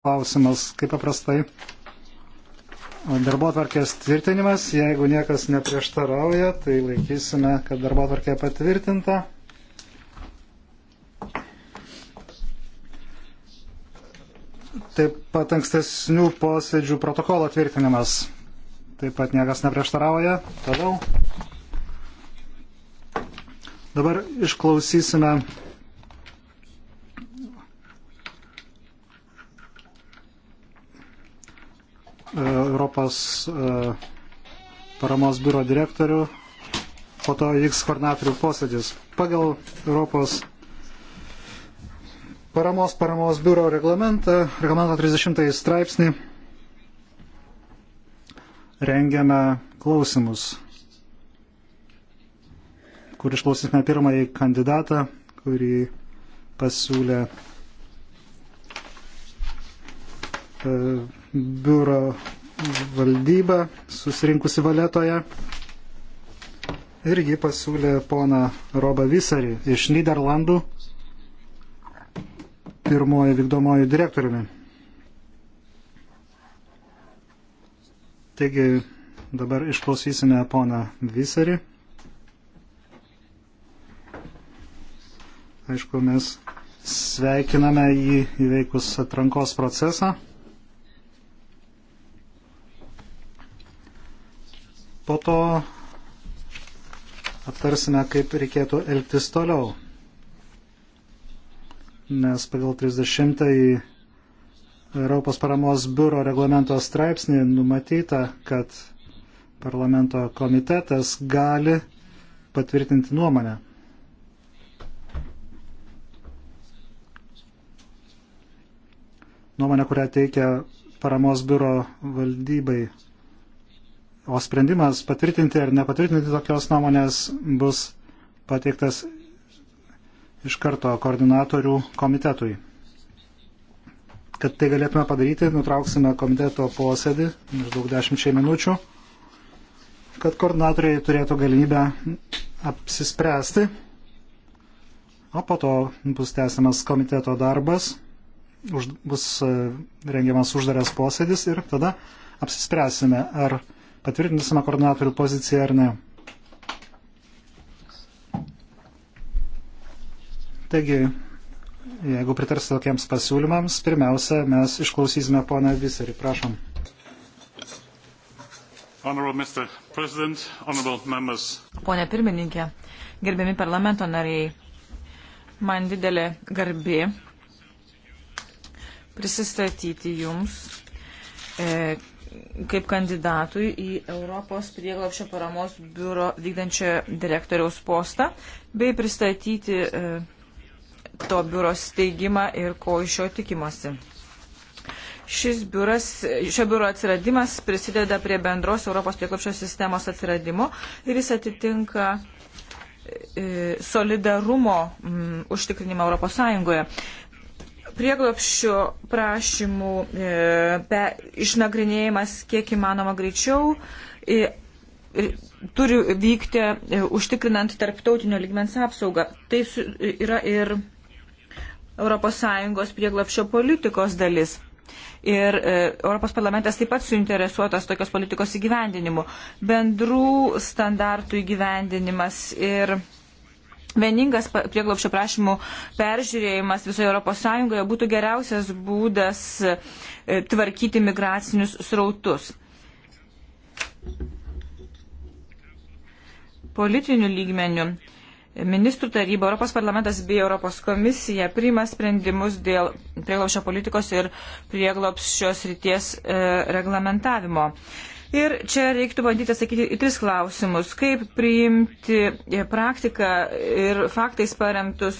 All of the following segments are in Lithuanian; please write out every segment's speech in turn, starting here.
klausimas, kaip paprastai. Darbo atvarkės tvirtinimas, jeigu niekas neprieštarauja, tai laikysime, kad darbo atvarkė patvirtinta. Taip pat ankstesnių posėdžių protokolo tvirtinimas. Taip pat niekas neprieštarauja. Toliau. Dabar išklausysime E, Europos e, paramos biuro direktorių, po to vyks koordinatorių posėdis. Pagal Europos paramos paramos biuro reglamentą, reglamento 30 straipsnį, rengiame klausimus, kur išklausysime pirmąjį kandidatą, kurį pasiūlė e, biuro valdyba susirinkusi valetoje ir ji pasiūlė poną Robą Visarį iš Niderlandų pirmoji vykdomoji direktoriumi. Taigi dabar išklausysime poną Visarį. Aišku, mes sveikiname jį įveikus atrankos procesą. Po to aptarsime, kaip reikėtų elgtis toliau. Nes pagal 30-ąjį Europos paramos biuro reglamento straipsnį numatyta, kad parlamento komitetas gali patvirtinti nuomonę. Nuomonę, kurią teikia paramos biuro valdybai O sprendimas patvirtinti ar nepatvirtinti tokios nuomonės bus pateiktas iš karto koordinatorių komitetui. Kad tai galėtume padaryti, nutrauksime komiteto posėdį maždaug dešimčiai minučių, kad koordinatoriai turėtų galimybę apsispręsti, o po to bus tęsiamas komiteto darbas, už, bus e, rengiamas uždaras posėdis ir tada apsispręsime, ar patvirtinsime koordinatorių poziciją ar ne. Taigi, jeigu pritarsite tokiems pasiūlymams, pirmiausia, mes išklausysime poną Viserį. Prašom. Pone pirmininkė, gerbiami parlamento nariai, man didelė garbė prisistatyti jums e, kaip kandidatui į Europos prieglapšio paramos biuro vykdančio direktoriaus postą, bei pristatyti e, to biuro steigimą ir ko iš jo tikimasi. Šis biuras, šio biuro atsiradimas prisideda prie bendros Europos prieglapšio sistemos atsiradimo ir jis atitinka e, solidarumo m, užtikrinimą Europos Sąjungoje prieglopščių prašymų e, pe, išnagrinėjimas kiek įmanoma greičiau e, turi vykti e, užtikrinant tarptautinio ligmens apsaugą. Tai su, yra ir ES prieglopščio politikos dalis. Ir e, Europos parlamentas taip pat suinteresuotas tokios politikos įgyvendinimu. Bendrų standartų įgyvendinimas ir e, Vieningas prieglopšio prašymų peržiūrėjimas visoje ES būtų geriausias būdas e, tvarkyti migracinius srautus. Politinių lygmenių e, ministrų taryba, Europos parlamentas bei Europos komisija priima sprendimus dėl prieglopšio politikos ir prieglopšio srities e, reglamentavimo. E, Ir čia reiktų bandyti atsakyti į tris klausimus. Kaip priimti praktiką ir faktais paremtus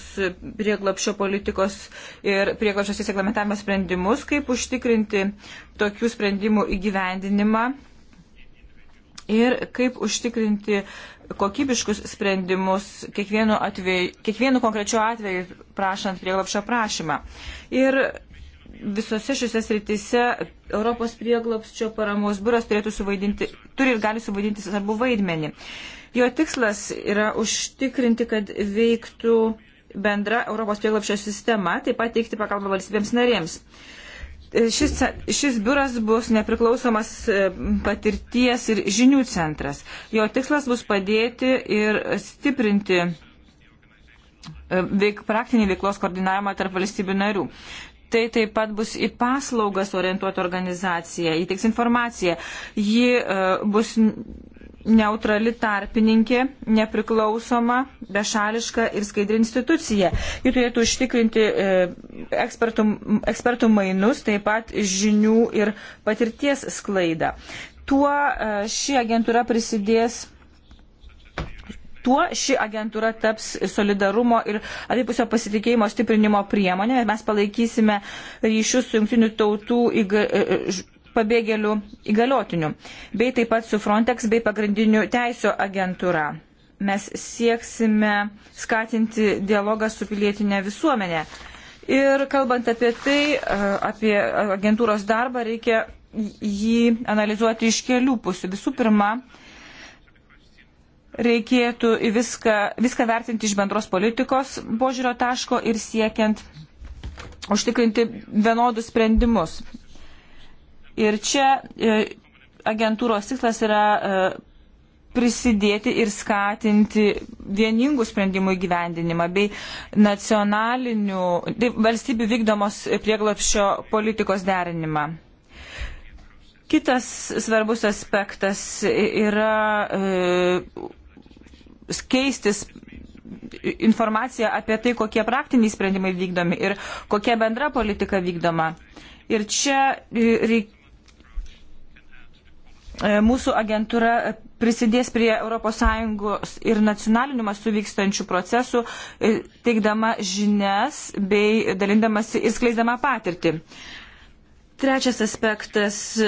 prieglapšio politikos ir prieglapšio įsiklamentavimo sprendimus, kaip užtikrinti tokių sprendimų įgyvendinimą ir kaip užtikrinti kokybiškus sprendimus kiekvienu, atveju, kiekvienu konkrečiu atveju prašant prieglapšio prašymą. Ir visose šiose sritise Europos prieglopsčio paramos biuras turėtų suvaidinti, turi ir gali suvaidinti svarbu vaidmenį. Jo tikslas yra užtikrinti, kad veiktų bendra Europos prieglopščio sistema, taip pat teikti pagalbą valstybėms narėms. Šis, šis biuras bus nepriklausomas e, patirties ir žinių centras. Jo tikslas bus padėti ir stiprinti e, veik, praktinį veiklos koordinavimą tarp valstybių narių tai taip pat bus į paslaugas orientuota organizacija, ji teiks informaciją, ji uh, bus neutrali tarpininkė, nepriklausoma, bešališka ir skaidri institucija. Ji turėtų užtikrinti e, ekspertų, ekspertų mainus, taip pat žinių ir patirties sklaidą. Tuo e, ši agentūra prisidės Tuo ši agentūra taps solidarumo ir abipusio pasitikėjimo stiprinimo priemonė ir mes palaikysime ryšius su jungtinių tautų įga, e, e, pabėgėlių įgaliotiniu, bei taip pat su Frontex bei pagrindinių teisų agentūra. Mes sieksime skatinti dialogą su pilietinė visuomenė. Ir kalbant apie tai, e, apie agentūros darbą, reikia jį analizuoti iš kelių pusių. Visų pirma, reikėtų viską, viską vertinti iš bendros politikos požiūrio taško ir siekiant užtikrinti vienodus sprendimus. Ir čia e, agentūros tikslas yra e, prisidėti ir skatinti vieningų sprendimų įgyvendinimą bei nacionalinių tai valstybių vykdomos prieglapščio politikos derinimą. Kitas svarbus aspektas yra e, keistis informaciją apie tai, kokie praktiniai sprendimai vykdomi ir kokia bendra politika vykdoma. Ir čia e, reik... E, mūsų agentūra prisidės prie ES ir nacionalinių mastų vykstančių procesų, e, teikdama žinias bei dalindamasi ir skleisdama patirtį. Trečias aspektas e,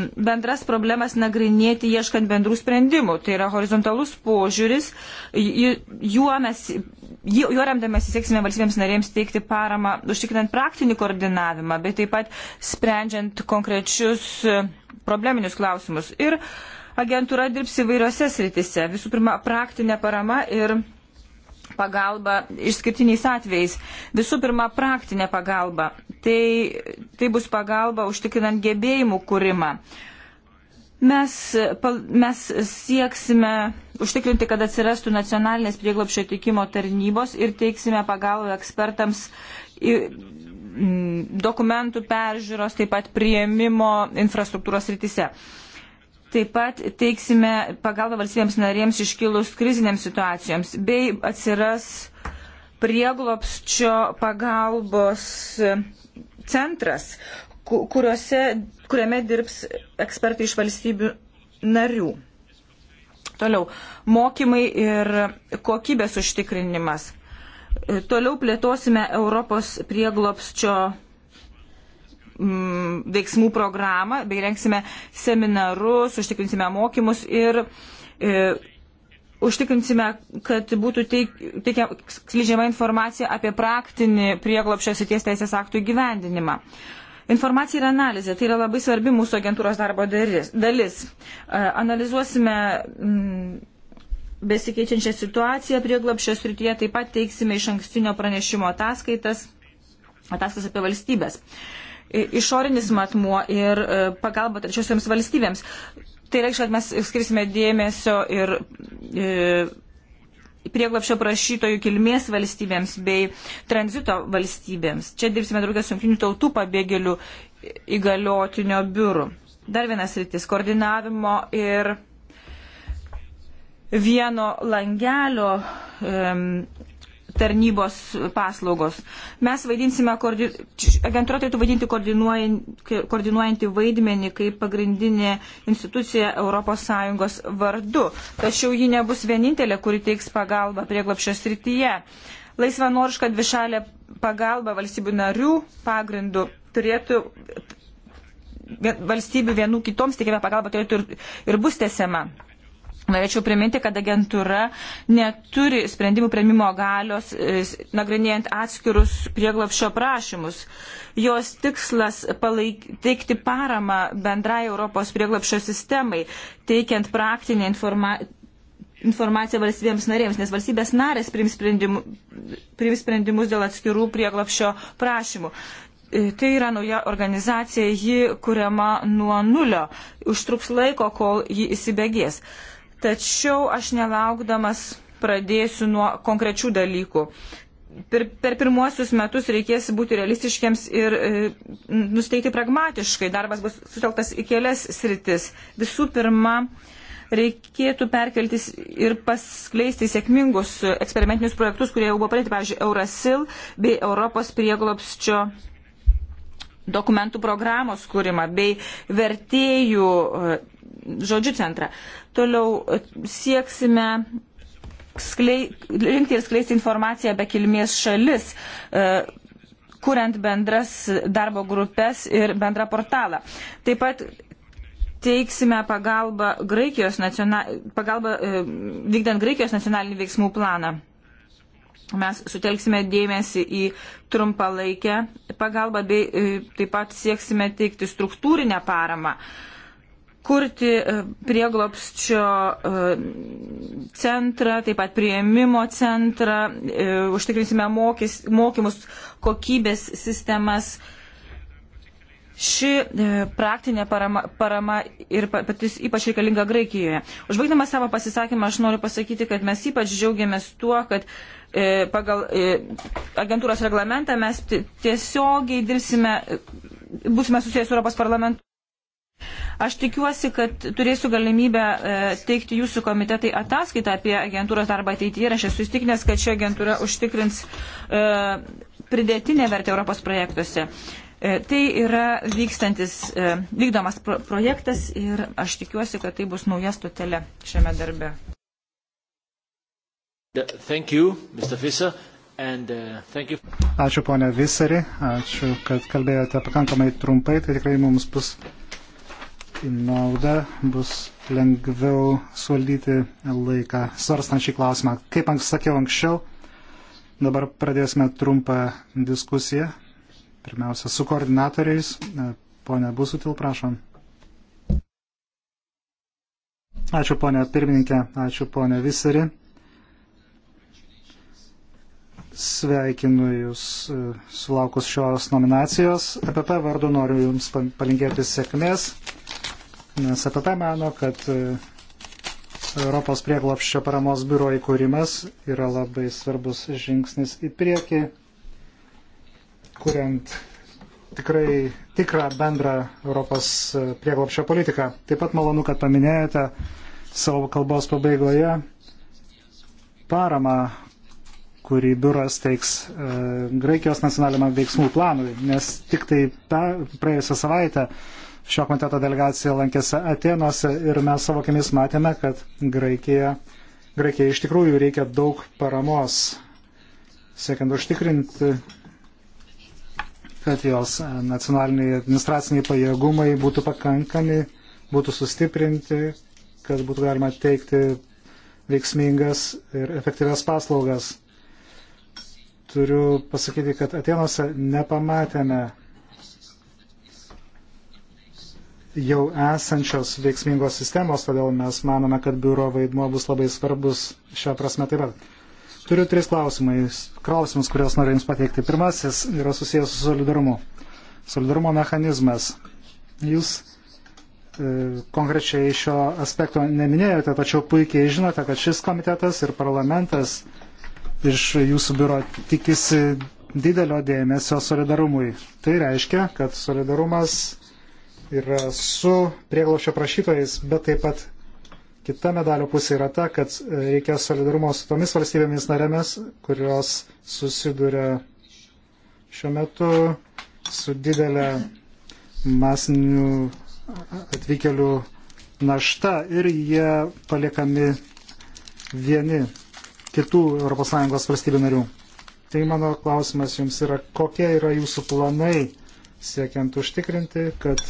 - bendras problemas nagrinėti ieškant bendrų sprendimų. Tai yra horizontalus požiūris, juo, mes, juo remdamės įsieksime valstybėms narėms teikti paramą, užtikrinant praktinį koordinavimą, bet taip pat sprendžiant konkrečius e, probleminius klausimus. Ir agentūra dirbs įvairiose sritise. Visų pirma, praktinė parama ir pagalbą išskirtiniais atvejais. Visų pirma, praktinė pagalba. Tai, tai bus pagalba užtikrinant gebėjimų kūrimą. Mes, mes sieksime užtikrinti, kad atsirastų nacionalinės prieglopšio teikimo tarnybos ir teiksime pagalbą ekspertams dokumentų peržiūros, taip pat prieimimo infrastruktūros rytise. Taip pat teiksime pagalbą valstybėms narėms iškilus krizinėms situacijoms, bei atsiras prieglopščio pagalbos centras, kuriuose, kuriame dirbs ekspertai iš valstybių narių. Toliau, mokymai ir kokybės užtikrinimas. Toliau plėtosime Europos prieglopščio Mm, veiksmų programą, bei rengsime seminarus, užtikrinsime mokymus ir e, užtikrinsime, kad būtų teik, teikia, skleidžiama informacija apie praktinį prieglopščio sities teisės aktų įgyvendinimą. Informacija ir analizė tai yra labai svarbi mūsų agentūros darbo dalis. E, analizuosime mm, besikeičiančią situaciją prieglopščio srityje, taip pat teiksime iš ankstinio pranešimo ataskaitas, ataskaitas apie valstybės išorinis matmuo ir e, pagalba trečiosioms valstybėms. Tai reikš, kad mes skirsime dėmesio ir e, prieglapšio prašytojų kilmės valstybėms bei tranzito valstybėms. Čia dirbsime draugės su jungtinių tautų pabėgėlių įgaliotinio biuru. Dar vienas rytis - koordinavimo ir vieno langelio um, tarnybos paslaugos. Mes vaidinsime, agentūra turėtų vaidinti koordinuojantį vaidmenį kaip pagrindinė institucija ES vardu. Tačiau ji nebus vienintelė, kuri teiks pagalbą prieglapšio srityje. Laisvanoriška dvišalė pagalba valstybių narių pagrindų turėtų valstybių vienų kitoms teikiama pagalba turėtų ir, ir bus tesiama. Norėčiau priminti, kad agentūra neturi sprendimų prieimimo galios e, nagrinėjant atskirus prieglapšio prašymus. Jos tikslas palaik, teikti paramą bendrai Europos prieglapšio sistemai, teikiant praktinę informa, informaciją valstybėms narėms, nes valstybės narės priims sprendimu, sprendimus dėl atskirų prieglapšio prašymų. E, tai yra nauja organizacija, ji kuriama nuo nulio, užtruks laiko, kol ji įsibėgės. Uh, Tačiau aš nelaukdamas pradėsiu nuo konkrečių dalykų. Per, per pirmuosius metus reikės būti realistiškiams ir e, nusteikti pragmatiškai. Darbas bus sutelktas į kelias sritis. Visų pirma, reikėtų perkeltis ir paskleisti sėkmingus eksperimentinius projektus, kurie jau buvo pradėti, pavyzdžiui, Eurasil bei Europos prieglopsčio dokumentų programos kūrimą bei vertėjų e, žodžių centrą. Toliau e, sieksime sklei, rinkti ir skleisti informaciją apie kilmės šalis, e, kuriant bendras darbo grupės ir bendrą portalą. Taip pat teiksime pagalbą, Graikijos nacional, pagalbą e, vykdant Graikijos nacionalinį veiksmų planą. Mes sutelksime dėmesį į trumpalaikę pagalbą bei taip pat sieksime teikti struktūrinę paramą. Uh, kurti e, prieglopščio e, centrą, taip pat prieimimo centrą, e, užtikrinsime mokys, mokymus, kokybės sistemas. Ši praktinė parama, parama ir patys ypač reikalinga Graikijoje. Užbaigdama savo pasisakymą, aš noriu pasakyti, kad mes ypač džiaugiamės tuo, kad pagal agentūros reglamentą mes tiesiogiai dirbsime, būsime susijęs su Europos parlamentu. Aš tikiuosi, kad turėsiu galimybę e, teikti jūsų komitetai ataskaitą apie agentūros darbą ateityje ir aš esu įstikinęs, kad ši agentūra užtikrins e, pridėtinę vertę Europos projektuose. E, tai yra vykstantis, vykdomas projektas ir aš tikiuosi, kad tai bus nauja stotelė šiame darbe. Thank you, Mr. Fischer. And, uh, ačiū ponia Visari, ačiū, kad kalbėjote pakankamai trumpai, tai tikrai mums bus. Pus naudą bus lengviau suvaldyti laiką svarstant šį klausimą. Kaip sakiau anksčiau, dabar pradėsime trumpą diskusiją. Pirmiausia, su koordinatoriais. Pone Busutil, prašom. Ačiū ponė pirmininkė, ačiū ponė Visari. Sveikinu Jūs sulaukus šios nominacijos. EPP vardu noriu Jums palinkėti sėkmės. Nes apie tai mano, kad e, Europos prieglopščio paramos biuro įkūrimas yra labai svarbus žingsnis į priekį, kuriant tikrai tikrą bendrą Europos e, prieglopščio politiką. Taip pat malonu, kad paminėjote savo kalbos pabaigoje paramą, kurį biuras teiks e, Graikijos nacionaliniam veiksmų planui, nes tik tai ta, praėjusią savaitę Šio komiteto delegacija lankėsi Atenose ir mes savo akimis matėme, kad Graikija, Graikija iš tikrųjų reikia daug paramos, siekiant užtikrinti, kad jos nacionaliniai administraciniai pajėgumai būtų pakankami, būtų sustiprinti, kad būtų galima teikti veiksmingas ir efektyves paslaugas. Turiu pasakyti, kad Atenose nepamatėme jau esančios veiksmingos sistemos, todėl mes manome, kad biuro vaidmuo bus labai svarbus šią prasme taip pat. Turiu tris klausimus, klausimus kuriuos noriu Jums pateikti. Pirmasis yra susijęs su solidarumu. Solidarumo mechanizmas. Jūs e, konkrečiai šio aspekto neminėjote, tačiau puikiai žinote, kad šis komitetas ir parlamentas iš jūsų biuro tikisi didelio dėmesio solidarumui. Tai reiškia, kad solidarumas yra su prieglaušio prašytojais, bet taip pat kita medalio pusė yra ta, kad e, reikia solidarumo su tomis valstybėmis narėmis, kurios susiduria šiuo metu su didelė masinių atvykelių našta ir jie paliekami vieni kitų ES valstybių narių. Tai mano klausimas jums yra, kokie yra jūsų planai siekiant užtikrinti, kad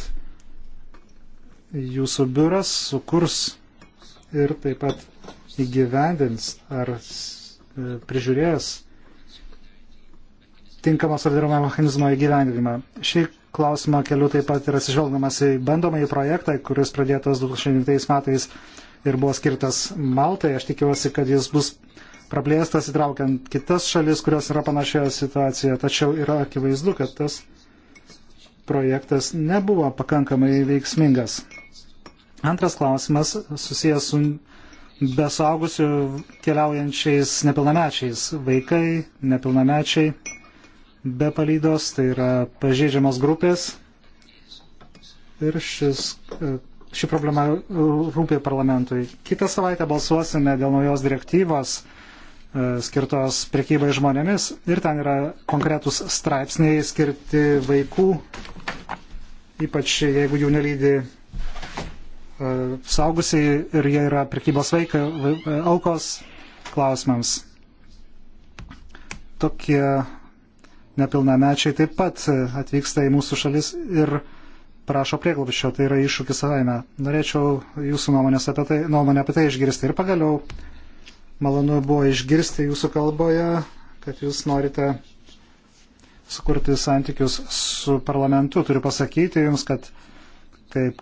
jūsų biuras sukurs ir taip pat įgyvendins ar e, prižiūrės tinkamą solidarumo mechanizmo įgyvendinimą. Šį klausimą keliu taip pat yra atsižvelgiamas į bandomąjį projektą, kuris pradėtas 2009 metais ir buvo skirtas Maltai. Aš tikiuosi, kad jis bus praplėstas įtraukiant kitas šalis, kurios yra panašioje situacijoje. Tačiau yra akivaizdu, kad tas projektas nebuvo pakankamai veiksmingas. Antras klausimas susijęs su besaugusių keliaujančiais nepilnamečiais. Vaikai, nepilnamečiai, be palydos, tai yra pažeidžiamos grupės. Ir šis, ši problema rūpė parlamentui. Kitą savaitę balsuosime dėl naujos direktyvos e, skirtos prekybai žmonėmis ir ten yra konkretus straipsniai skirti vaikų, ypač jeigu jų nelydi E, saugusiai ir jie yra prekybos vaikai, e, aukos klausimams. Tokie nepilnamečiai taip pat atvyksta į mūsų šalis ir prašo prieglobščio, tai yra iššūkis savaime. Norėčiau jūsų nuomonės apie tai, nuomonę apie tai išgirsti. Ir pagaliau malonu buvo išgirsti jūsų kalboje, kad jūs norite sukurti santykius su parlamentu. Turiu pasakyti jums, kad kaip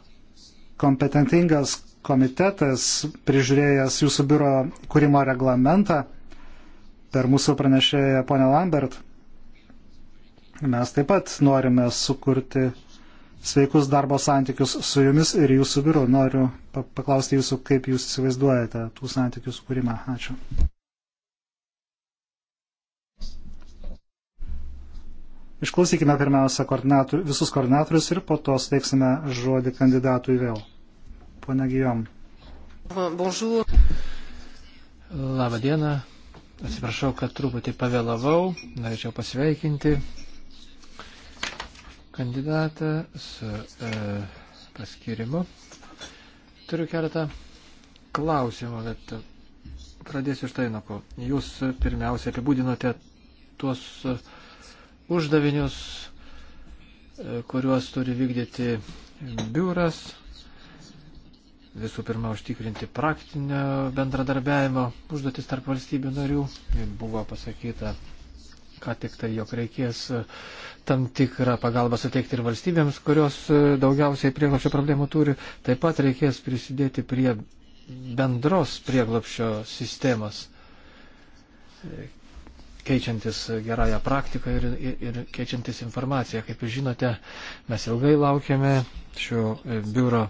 kompetentingas komitetas, prižiūrėjęs jūsų biuro kūrimo reglamentą, per mūsų pranešėją ponę Lambert, mes taip pat norime sukurti sveikus darbo santykius su jumis ir jūsų biuru. Noriu paklausti jūsų, kaip jūs įsivaizduojate tų santykių sukūrimą. Ačiū. Išklausykime pirmiausia koordinatorių, visus koordinatorius ir po to steiksime žodį kandidatui vėl. Pone Gijom. Bonjour. Labą dieną. Atsiprašau, kad truputį pavėlavau. Norėčiau pasveikinti kandidatą su e, paskirimu. Turiu keletą klausimų, bet pradėsiu štai nuo ko. Jūs pirmiausia apibūdinote tuos uždavinius, e, kuriuos turi vykdyti biuras, visų pirma užtikrinti praktinio bendradarbiavimo užduotis tarp valstybių narių. Ir buvo pasakyta, ką tik tai, jog reikės e, tam tikrą pagalbą suteikti ir valstybėms, kurios e, daugiausiai prieglopšio problemų turi. Taip pat reikės prisidėti prie bendros prieglopšio sistemos, e, keičiantis gerąją praktiką ir, ir, ir keičiantis informaciją. Kaip jūs žinote, mes ilgai laukiame šio biuro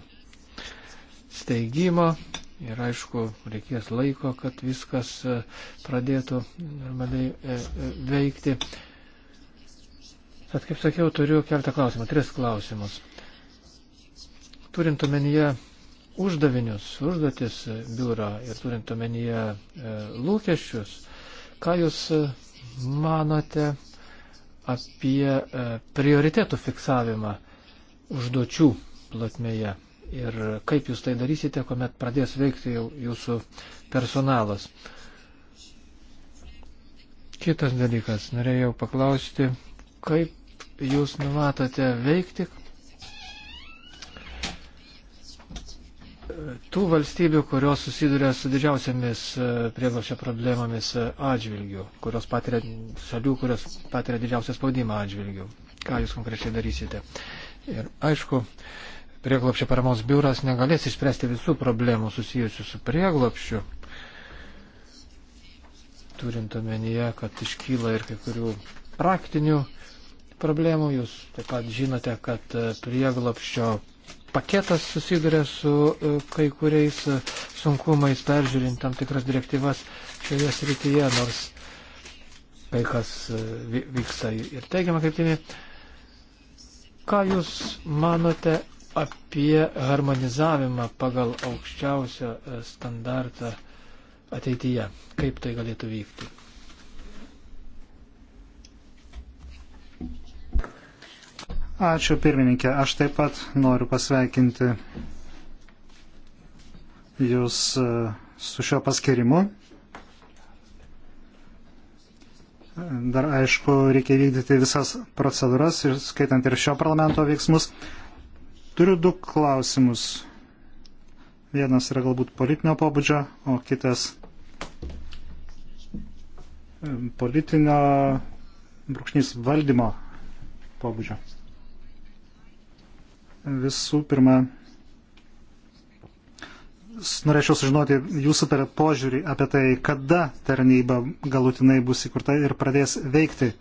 steigimo ir aišku, reikės laiko, kad viskas e, pradėtų normaliai e, e, veikti. Tad, kaip sakiau, turiu keltą klausimą, tris klausimus. Turint omenyje uždavinius, užduotis biuro ir turint omenyje lūkesčius, ką Jūs manote apie prioritėtų fiksavimą užduočių plotmėje? ir kaip jūs tai darysite, kuomet pradės veikti jau jūsų personalas. Kitas dalykas, norėjau paklausti, kaip jūs numatote veikti tų valstybių, kurios susiduria su didžiausiamis e, prieglapšio problemomis e, atžvilgių, kurios patiria šalių, kurios patiria didžiausią spaudimą atžvilgių. Ką jūs konkrečiai darysite? Ir aišku, prieglopščio paramos biuras negalės išspręsti visų problemų susijusių su prieglopščiu, turint omenyje, kad iškyla ir kai kurių praktinių problemų. Jūs taip pat žinote, kad e, prieglopščio paketas susiduria su e, kai kuriais e, sunkumais peržiūrint tam tikras direktyvas šioje srityje, nors kai kas vyksta ir teigiamą kryptimį. Ką Jūs manote apie harmonizavimą pagal aukščiausią e, standartą ateityje. Kaip tai galėtų vykti? Ačiū pirmininkė. Aš taip pat noriu pasveikinti Jūs e, su šiuo paskirimu. Dar aišku, reikia vykdyti visas procedūras, ir skaitant ir šio parlamento veiksmus. Turiu du klausimus. Vienas yra galbūt politinio pobūdžio, o kitas politinio brūkšnys valdymo pobūdžio. Visų pirma, norėčiau sužinoti jūsų požiūrį apie tai, kada tarnyba galutinai bus įkurta ir pradės veikti.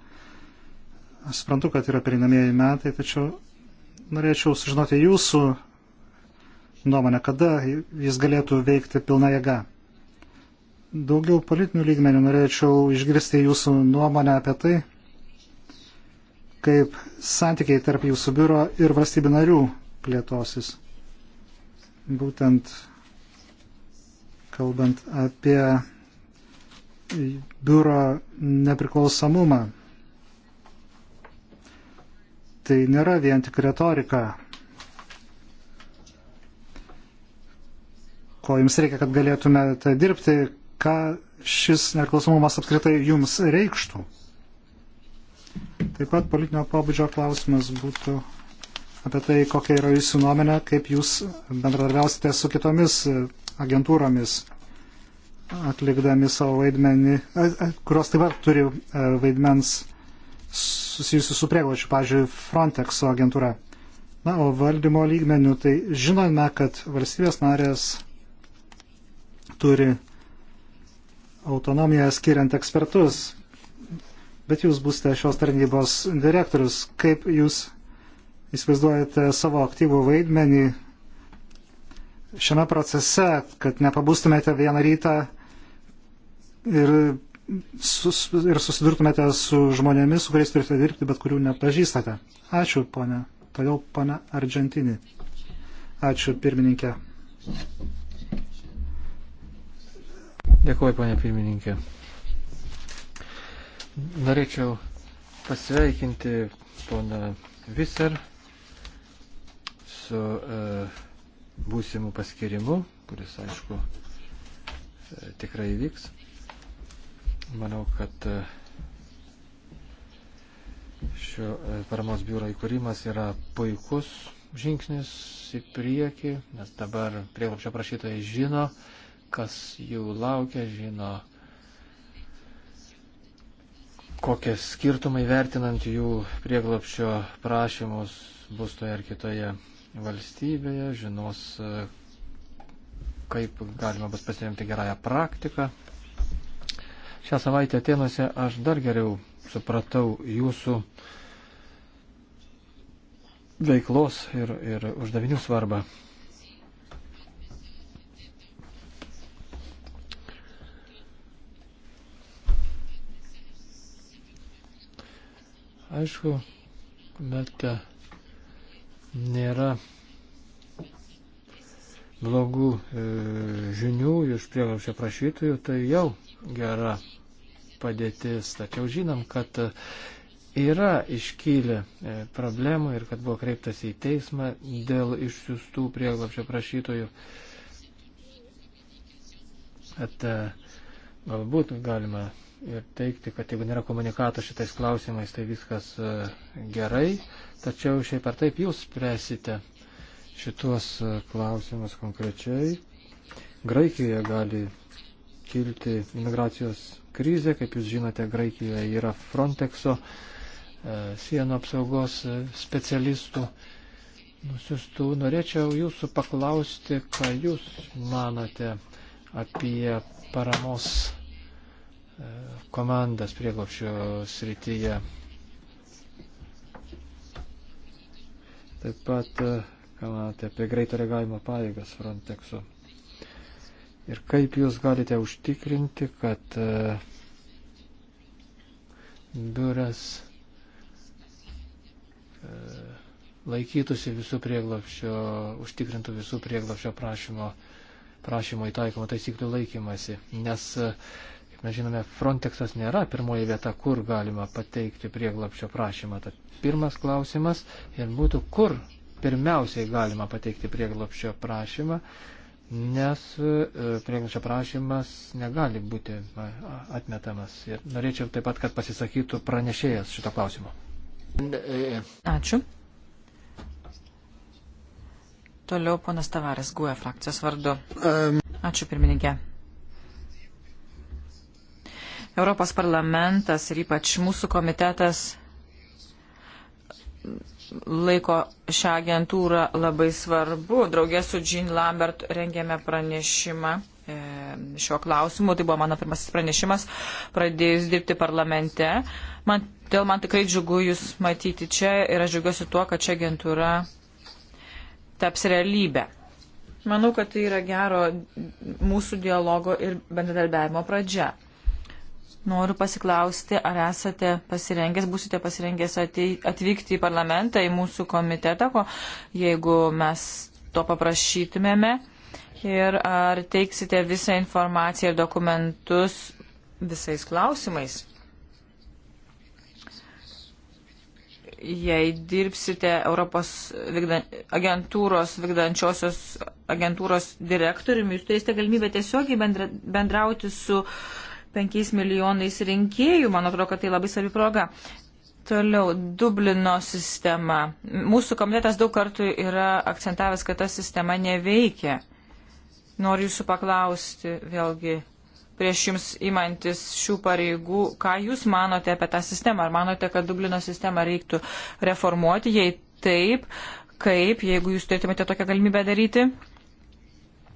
Aš suprantu, kad yra perinamieji metai, tačiau norėčiau sužinoti jūsų nuomonę, kada jis galėtų veikti pilna jėga. Daugiau politinių lygmenių norėčiau išgirsti jūsų nuomonę apie tai, kaip santykiai tarp jūsų biuro ir valstybių narių plėtosis. Būtent kalbant apie biuro nepriklausomumą tai nėra vien tik retorika. Ko jums reikia, kad galėtumėte dirbti, ką šis neklausomlumas apskritai jums reikštų. Taip pat politinio pobūdžio klausimas būtų apie tai, kokia yra jūsų nuomenė, kaip jūs bendradarbiausite su kitomis agentūromis, atlikdami savo vaidmenį, kurios taip pat turi e, vaidmens susijusių su priegločiu, pavyzdžiui, Frontex agentūra. Na, o valdymo lygmenių, tai žinome, kad valstybės narės turi autonomiją skiriant ekspertus, bet jūs būsite šios tarnybos direktorius. Kaip jūs įsivaizduojate savo aktyvų vaidmenį šiame procese, kad nepabūstumėte vieną rytą ir sus, ir susidurtumėte su žmonėmis, su kuriais turite dirbti, bet kurių nepažįstate. Ačiū, ponė. Todėl, ponė Argentinį. Ačiū, pirmininkė. Dėkuoju, ponė pirmininkė. Norėčiau pasveikinti poną Viser su e, būsimu paskirimu, kuris, aišku, e, tikrai vyks. Manau, kad e, šio e, paramos biuro įkūrimas yra puikus žingsnis į priekį, nes dabar prieglapšio prašytojai žino, kas jų laukia, žino, kokie skirtumai vertinant jų prieglapšio prašymus bus toje ar kitoje valstybėje, žinos, e, kaip galima bus pasiremti gerąją praktiką Šią savaitę Atenuose aš dar geriau supratau jūsų veiklos ir, ir uždavinių svarbą. Aišku, bet e, nėra blogų e, žinių iš prieglapšio prašytojų, tai jau gera padėtis, tačiau žinom, kad yra iškylę e, problemų ir kad buvo kreiptas į teismą dėl išsiųstų prieglapšio prašytojų. At, e, galbūt galima ir teikti, kad jeigu nėra komunikato šitais klausimais, tai viskas e, gerai, tačiau šiaip ar taip jūs spręsite šitos klausimus konkrečiai. Graikijoje gali kilti imigracijos krizė. Kaip jūs žinote, Graikijoje yra Frontexo e, sienų apsaugos e, specialistų nusistų. Norėčiau jūsų paklausti, ką jūs manote apie paramos e, komandas prieglopščio srityje. Taip pat, ką manote apie greito reagavimo pajėgas Frontexo. Ir kaip jūs galite užtikrinti, kad e, biuras e, laikytųsi visų prieglapščio, užtikrintų visų prieglapščio prašymo, prašymo įtaikymo taisyklių laikymasi. Nes, e, kaip mes žinome, Frontexas nėra pirmoji vieta, kur galima pateikti prieglapščio prašymą. Tad pirmas klausimas ir būtų, kur pirmiausiai galima pateikti prieglapščio prašymą nes e, prieglobčio prašymas negali būti atmetamas. Ir norėčiau taip pat, kad pasisakytų pranešėjas šito klausimo. E, e. Ačiū. Toliau ponas Tavares Guoja frakcijos vardu. Ačiū pirmininkė. Europos parlamentas ir ypač mūsų komitetas laiko šią agentūrą labai svarbu. Draugė su Jean Lambert rengėme pranešimą e, šio klausimu. Tai buvo mano pirmasis pranešimas, pradėjus dirbti parlamente. Man, dėl man tikrai džiugu Jūs matyti čia ir aš džiugiuosi tuo, kad čia agentūra taps realybę. Manau, kad tai yra gero mūsų dialogo ir bendradarbiavimo pradžia. Noriu pasiklausti, ar esate pasirengęs, būsite pasirengęs atvykti į parlamentą, į mūsų komitetą, ko, jeigu mes to paprašytumėme. Ir ar teiksite visą informaciją ir dokumentus visais klausimais. Jei dirbsite Europos vykdan, agentūros vykdančiosios agentūros direktoriumi, jūs turėsite galimybę tiesiogiai bendra, bendrauti su uh, 5 milijonais rinkėjų, man atrodo, kad tai labai savi proga. Toliau, Dublino sistema. Mūsų komitetas daug kartų yra akcentavęs, kad ta sistema neveikia. Noriu jūsų paklausti vėlgi prieš jums įmantis šių pareigų, ką jūs manote apie tą sistemą? Ar manote, kad Dublino sistemą reiktų reformuoti, jei taip, kaip, jeigu jūs turėtumėte tokią galimybę daryti?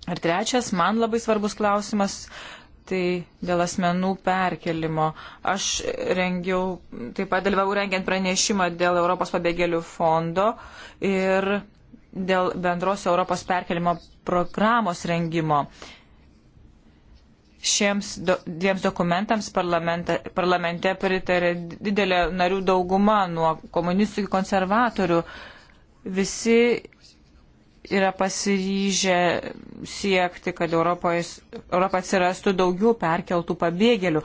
Ir trečias, man labai svarbus klausimas, tai dėl asmenų perkelimo. Aš rengiau, taip pat dalyvau rengiant pranešimą dėl Europos pabėgėlių fondo ir dėl bendros Europos perkelimo programos rengimo. Šiems do, dviems dokumentams parlamente pritarė didelė narių dauguma nuo komunistų iki konservatorių. Visi yra pasiryžę siekti, kad Europoje, Europoje atsirastų daugiau perkeltų pabėgėlių.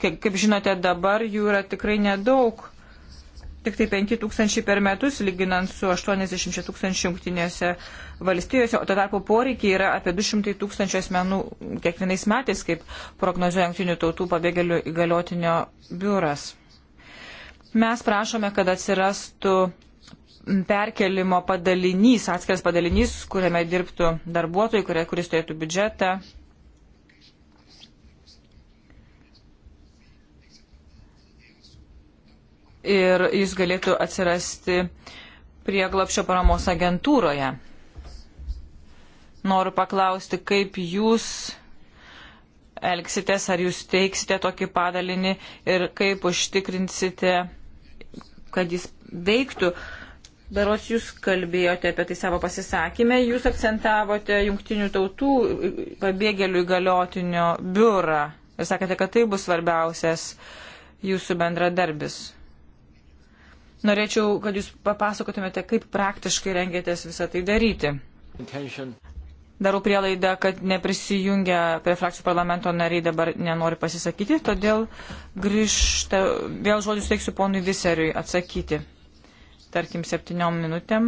Kaip, kaip žinote, dabar jų yra tikrai nedaug. Tik tai 5 tūkstančiai per metus, lyginant su 80 tūkstančių jungtinėse valstijose, o to tarpu poreikiai yra apie 200 tūkstančių asmenų kiekvienais metais, kaip prognozuoja jungtinių tautų pabėgėlių įgaliotinio biuras. Mes prašome, kad atsirastų perkelimo padalinys, atskiras padalinys, kuriame dirbtų darbuotojai, kurie, kuris turėtų biudžetą. Ir jis galėtų atsirasti prieglapšio paramos agentūroje. Noriu paklausti, kaip jūs elgsitės, ar jūs teiksite tokį padalinį ir kaip užtikrinsite, kad jis veiktų. Uh, Beros, jūs kalbėjote apie tai savo pasisakymę, jūs akcentavote jungtinių tautų pabėgėlių įgaliotinio biurą ir sakėte, kad tai bus svarbiausias jūsų bendradarbis. Norėčiau, kad jūs papasakotumėte, kaip praktiškai rengėtės visą tai daryti. Intention. Darau prielaidą, kad neprisijungę prie frakcijų parlamento nariai dabar nenori pasisakyti, todėl grįžta, vėl žodžius teiksiu ponui Viseriui atsakyti tarkim, septyniom minutėm,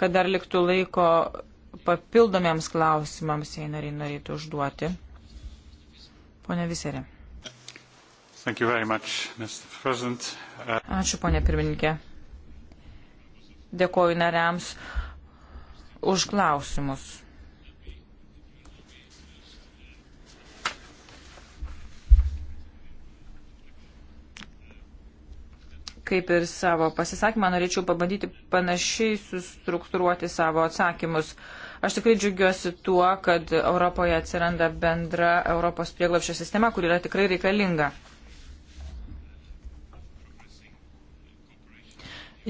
kad dar liktų laiko papildomiems klausimams, jei nariai norėtų užduoti. Pone Viserė. Ačiū, ponė pirmininkė. Dėkoju nariams už klausimus. kaip ir savo pasisakymą, norėčiau pabandyti panašiai sustruktūruoti savo atsakymus. Aš tikrai džiugiuosi tuo, kad Europoje atsiranda bendra Europos prieglapščio sistema, kur yra tikrai reikalinga.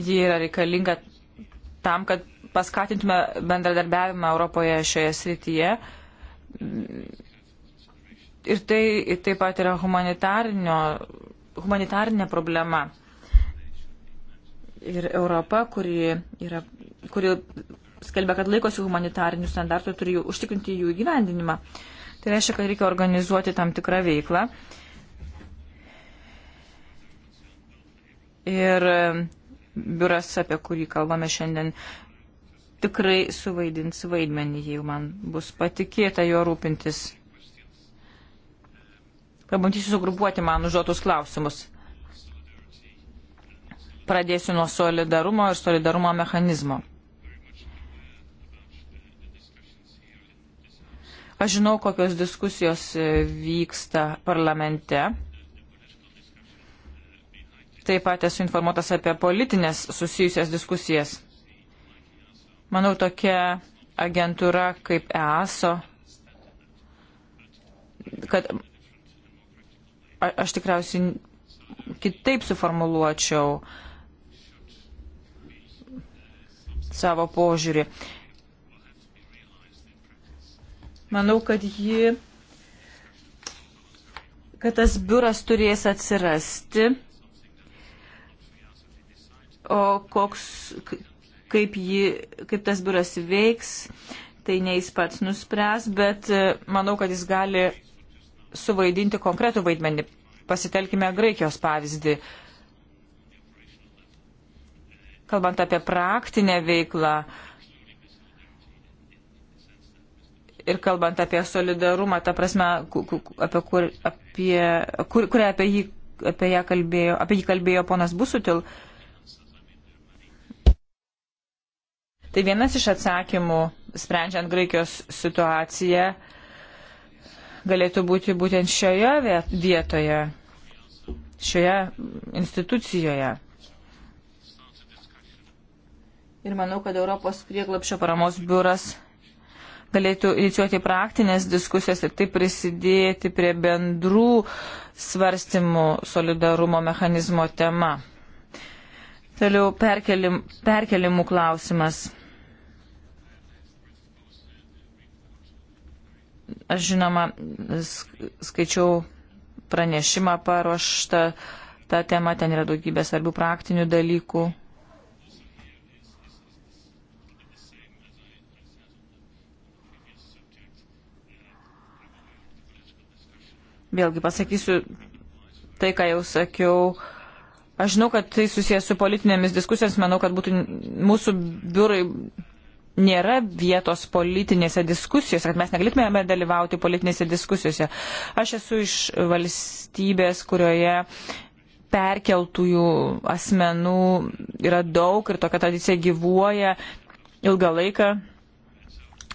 Ji yra reikalinga tam, kad paskatintume bendradarbiavimą Europoje šioje srityje. Ir tai taip pat yra humanitarinė problema ir Europa, kuri, yra, kuri skelbia, kad laikosi humanitarinių standartų, turi jų, užtikrinti jų įgyvendinimą. Tai reiškia, kad reikia organizuoti tam tikrą veiklą. Ir biuras, apie kurį kalbame šiandien, tikrai suvaidins vaidmenį, jeigu man bus patikėta jo rūpintis. Pabandysiu sugrupuoti man užduotus klausimus. Pradėsiu nuo solidarumo ir solidarumo mechanizmo. Aš žinau, kokios diskusijos vyksta parlamente. Taip pat esu informuotas apie politinės susijusias diskusijas. Manau, tokia agentūra kaip EASO, kad aš tikriausiai kitaip suformuluočiau uh, savo požiūrį. Manau, kad ji, kad tas biuras turės atsirasti, o koks, kaip, ji, kaip tas biuras veiks, tai ne jis pats nuspręs, bet e, manau, kad jis gali suvaidinti konkretų vaidmenį. Pasitelkime Graikijos pavyzdį. Uh, kalbant apie praktinę veiklą ir kalbant apie solidarumą, ta prasme, apie, kur, apie, kur, kur, apie, jį, apie, ją kalbėjo, apie jį kalbėjo ponas Busutil, Tai vienas iš atsakymų, sprendžiant Graikijos situaciją, galėtų būti būtent šioje vietoje, šioje institucijoje ir manau, kad Europos prieglapšio paramos biuras galėtų inicijuoti praktinės diskusijas ir taip prisidėti prie bendrų svarstymų solidarumo mechanizmo tema. Toliau perkelim, perkelimų klausimas. Aš žinoma skaičiau pranešimą paruoštą tą temą, ten yra daugybė svarbių praktinių dalykų, Vėlgi pasakysiu tai, ką jau sakiau. Aš žinau, kad tai susijęs su politinėmis diskusijos, manau, kad būtų mūsų biurai nėra vietos politinėse diskusijose, kad mes negalėtumėme dalyvauti politinėse diskusijose. Aš esu iš valstybės, kurioje perkeltųjų asmenų yra daug ir tokia tradicija gyvuoja ilgą laiką.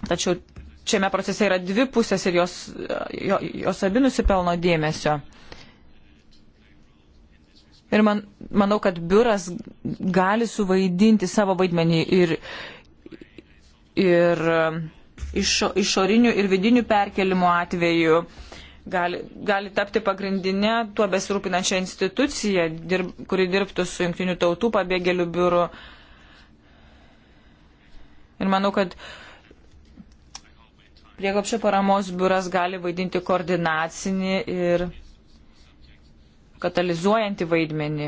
Tačiau šiame procese yra dvi pusės ir jos, jos, jos abi nusipelno dėmesio. Ir man, manau, kad biuras gali suvaidinti savo vaidmenį ir, ir um, išo, išorinių ir vidinių perkelimų atveju gali, gali tapti pagrindinę tuo besirūpinančią instituciją, dirb, kuri dirbtų su jungtinių tautų pabėgėlių biuru. Ir manau, kad uh, Prieglopšio paramos biuras gali vaidinti koordinacinį ir katalizuojantį vaidmenį.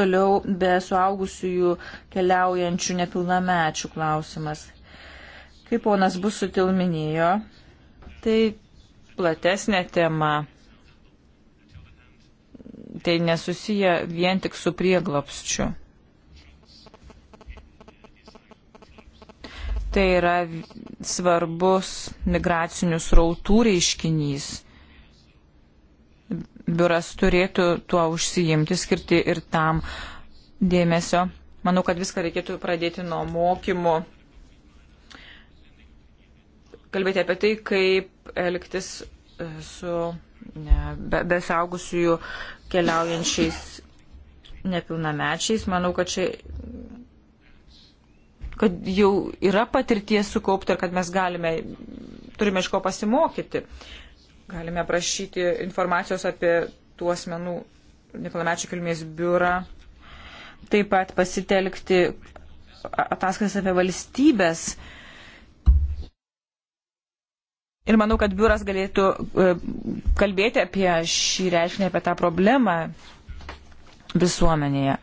Toliau be suaugusiųjų keliaujančių nepilnamečių klausimas. Kaip ponas bus sutilminėjo, tai platesnė tema. Tai nesusiję vien tik su prieglopščiu. Tai yra svarbus migracinių srautų reiškinys. Biuras turėtų tuo užsijimti, skirti ir tam dėmesio. Manau, kad viską reikėtų pradėti nuo mokymų kalbėti apie tai, kaip elgtis e, su besaugusiųjų be keliaujančiais nepilnamečiais. Manau, kad čia kad jau yra patirties sukaupta ir kad mes galime, turime iš ko pasimokyti. Galime prašyti informacijos apie tų asmenų nepilnamečių kilmės biurą, taip pat pasitelkti ataskaitas apie valstybės uh, Ir manau, kad biuras galėtų e, kalbėti apie šį reiškinį, apie tą problemą visuomenėje.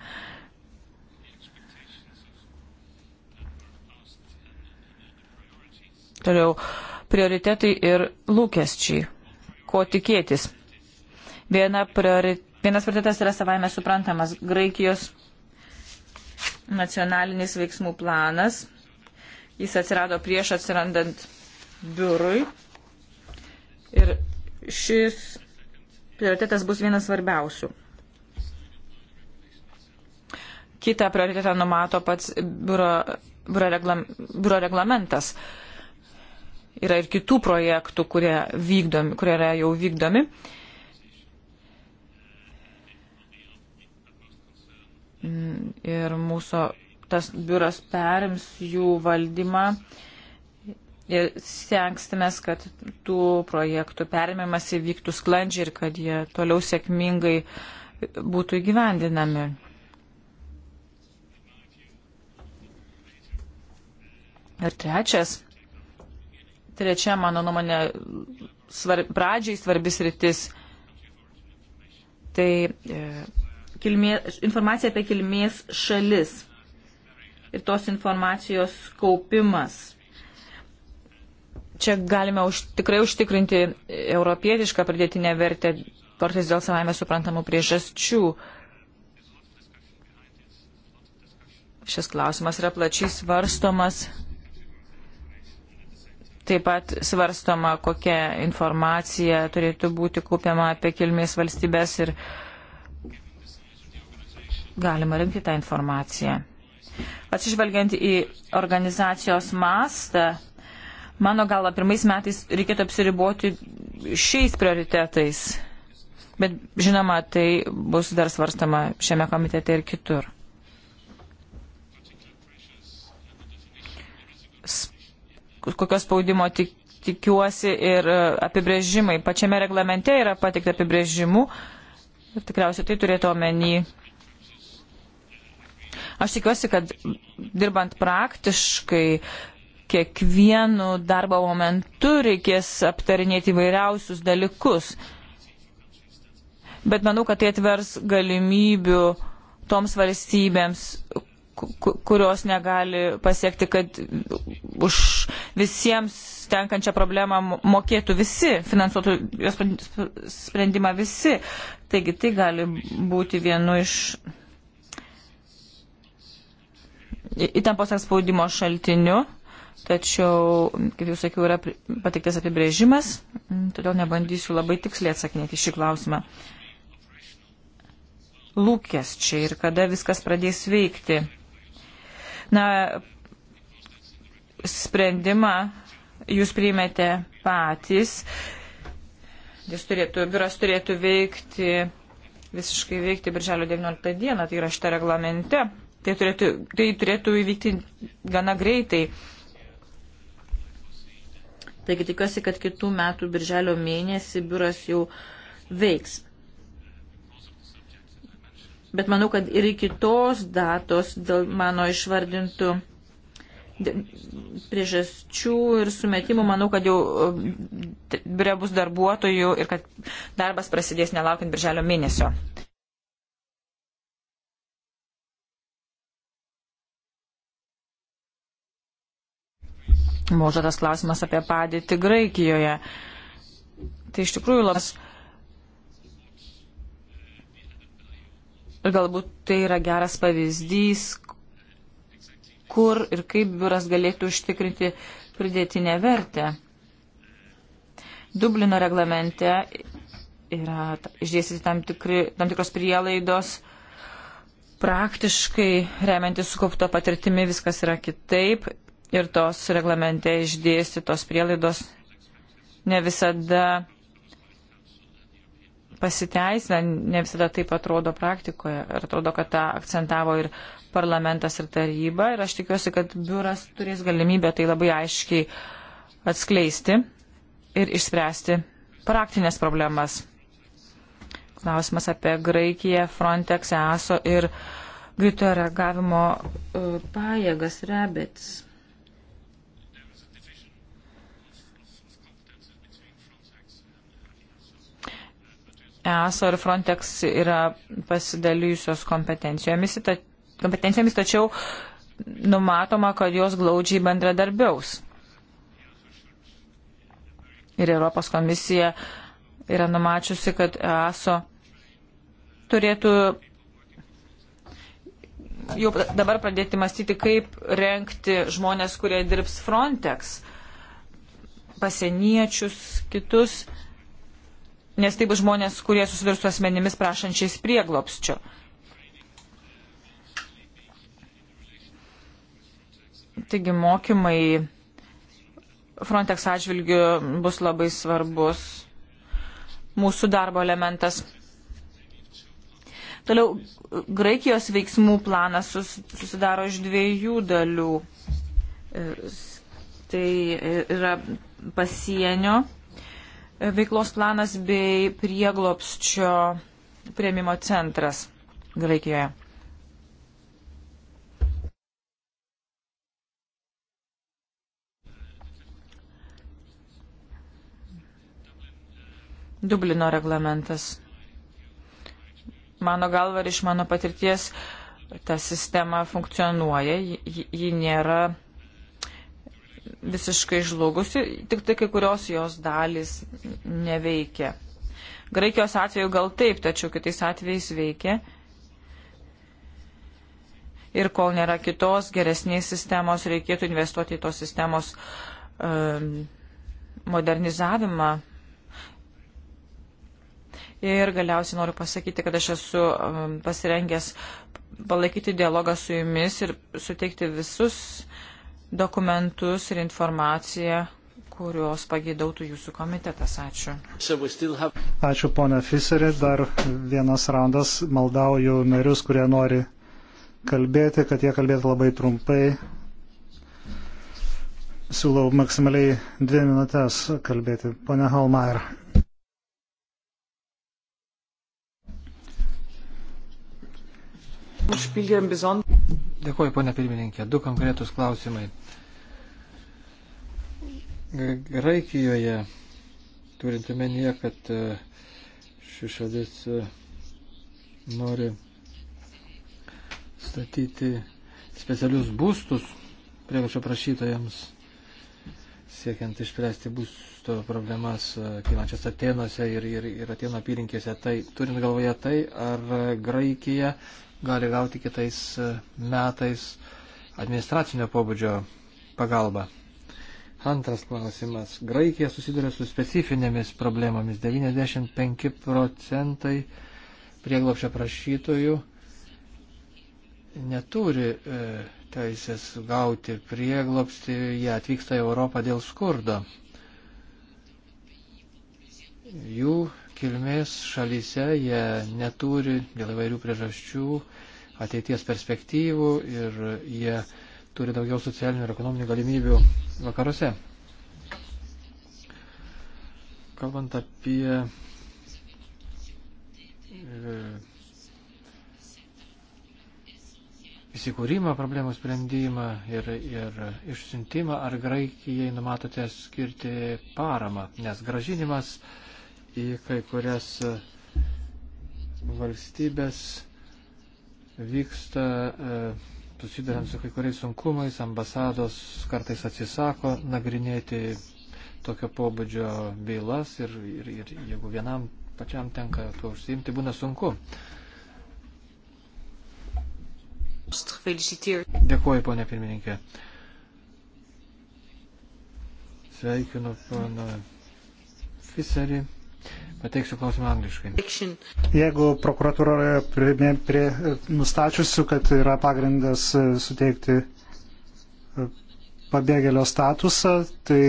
Toliau, prioritetai ir lūkesčiai. Ko tikėtis? Viena priori... Vienas prioritetas yra savaime suprantamas - Graikijos nacionalinis veiksmų planas. Jis atsirado prieš atsirandant biurui Ir šis prioritetas bus vienas svarbiausių. Kita prioritetą numato pats biuro, biuro, reglam, biuro reglamentas. Yra ir kitų projektų, kurie, vykdomi, kurie yra jau vykdomi. Mm, ir mūsų tas biuras perims jų valdymą. Uh, ir stengstimės, kad tų projektų perėmimas įvyktų sklandžiai ir kad jie toliau sėkmingai būtų įgyvendinami. Ir trečias, trečia, mano nuomonė, svarb, pradžiai svarbis rytis, tai e, kilmė, informacija apie kilmės šalis ir tos informacijos kaupimas čia galime už, tikrai užtikrinti europietišką pridėtinę vertę, kartais dėl savame suprantamų priežasčių. Šis klausimas yra plačiai svarstomas. Taip pat svarstoma, kokia informacija turėtų būti kūpiama apie kilmės valstybės ir galima rinkti tą informaciją. Atsižvelgiant į organizacijos mastą, Mano galva, pirmais metais reikėtų apsiriboti šiais prioritetais. Bet žinoma, tai bus dar svarstama šiame komitete ir kitur. Kokios spaudimo tik, tikiuosi ir e, apibrėžimai. Pačiame reglamente yra patikta apibrėžimų ir tikriausiai tai turėtų omeny. Aš tikiuosi, kad dirbant praktiškai, uh, kiekvienu darbo momentu reikės aptarinėti įvairiausius dalykus. Bet manau, kad tai atvers galimybių toms valstybėms, kurios negali pasiekti, kad už visiems tenkančią problemą mokėtų visi, finansuotų jos sprendimą visi. Taigi tai gali būti vienu iš įtampos atspaudimo šaltiniu. Tačiau, kaip jau sakiau, yra patiktas apibrėžimas, todėl nebandysiu labai tiksliai atsakinėti šį klausimą. Lūkesčiai ir kada viskas pradės veikti. Na, sprendimą jūs priimėte patys. Jis turėtų, biuras turėtų veikti, visiškai veikti birželio 19 dieną, tai yra šitą reglamente. Tai turėtų, tai turėtų įvykti gana greitai. Taigi tikiuosi, kad kitų metų birželio mėnesį biuras jau veiks. Bet manau, kad ir iki tos datos dėl mano išvardintų priežasčių ir sumetimų, manau, kad jau e, biure bus darbuotojų ir kad darbas prasidės nelaukiant birželio mėnesio. buvo žodas klausimas apie padėtį Graikijoje. Tai iš tikrųjų labas. Ir galbūt tai yra geras pavyzdys, kur ir kaip biuras galėtų užtikrinti pridėtinę vertę. Dublino reglamente yra išdėstyti tam, tikri, tam tikros prielaidos, praktiškai remiantis sukaupto patirtimi viskas yra kitaip ir tos reglamente išdėstytos prielaidos ne visada pasiteisina, ne visada taip atrodo praktikoje. Ir atrodo, kad tą akcentavo ir parlamentas ir taryba. Ir aš tikiuosi, kad biuras turės galimybę tai labai aiškiai atskleisti ir išspręsti praktinės problemas. Klausimas apie Graikiją, Frontex, ESO ir greitojo reagavimo e, pajėgas Rebets. ESO ir Frontex yra pasidalijusios kompetencijomis, ta, kompetencijomis tačiau numatoma, kad jos glaudžiai bendradarbiaus. Ir Europos komisija yra numačiusi, kad ESO turėtų jau dabar pradėti mąstyti, kaip renkti žmonės, kurie dirbs Frontex, pasieniečius, kitus nes tai bus žmonės, kurie susidurs su asmenimis prašančiais prieglopščio. Taigi mokymai Frontex atžvilgių bus labai svarbus mūsų darbo elementas. Toliau, Graikijos veiksmų planas susidaro iš dviejų dalių. E, tai e, yra pasienio veiklos planas bei prieglopščio prieimimo centras Graikijoje. Dublino reglamentas. Mano galva ir iš mano patirties ta sistema funkcionuoja, ji, ji nėra visiškai žlugusi, tik tai kai kurios jos dalys neveikia. Graikijos atveju gal taip, tačiau kitais atvejais veikia. Ir kol nėra kitos geresnės sistemos, reikėtų investuoti į tos sistemos um, modernizavimą. Ir galiausiai noriu pasakyti, kad aš esu um, pasirengęs palaikyti dialogą su jumis ir suteikti visus dokumentus ir informaciją, kurios pagėdautų jūsų komitetas. Ačiū. Ačiū, ponia Fiserė. Dar vienas raundas. Maldauju narius, kurie nori kalbėti, kad jie kalbėtų labai trumpai. Siūlau maksimaliai dvi minutės kalbėti. Pone Halmair. Dėkuoju, ponė pirmininkė. Du konkretus klausimai. Graikijoje, turint omenyje, kad e, ši šalis e, nori statyti specialius būstus prieglašio prašytojams, siekiant išspręsti būsto problemas e, kylančias Atenose ir, ir, ir Ateno apylinkėse. Tai turint galvoje tai, ar Graikija gali gauti kitais e, metais administracinio pobūdžio pagalbą. Antras klausimas. Graikija susiduria su specifinėmis problemomis. 95 procentai prieglopšio prašytojų neturi e, teisės gauti prieglopsti, jie atvyksta į Europą dėl skurdo. Jų kilmės šalyse jie neturi dėl įvairių priežasčių ateities perspektyvų ir jie turi daugiau socialinių ir ekonominių galimybių vakaruose. Kalbant apie e, įsikūrimą, problemų sprendimą ir, ir išsiuntimą, ar Graikijai numatote skirti paramą, nes gražinimas uh, į kai kurias valstybės, vyksta, e, susidurėm su kai kuriais sunkumais, ambasados kartais atsisako nagrinėti tokio pobūdžio bylas ir, ir, ir jeigu vienam pačiam tenka tuo užsiimti, būna sunku. Dėkuoju, ponė pirmininkė. Sveikinu, ponė Fiserį. Pateiksiu klausimą angliškai. Jeigu prokuratūroje prie, prie, nustačiusiu, kad yra pagrindas e, suteikti e, pabėgėlio statusą, tai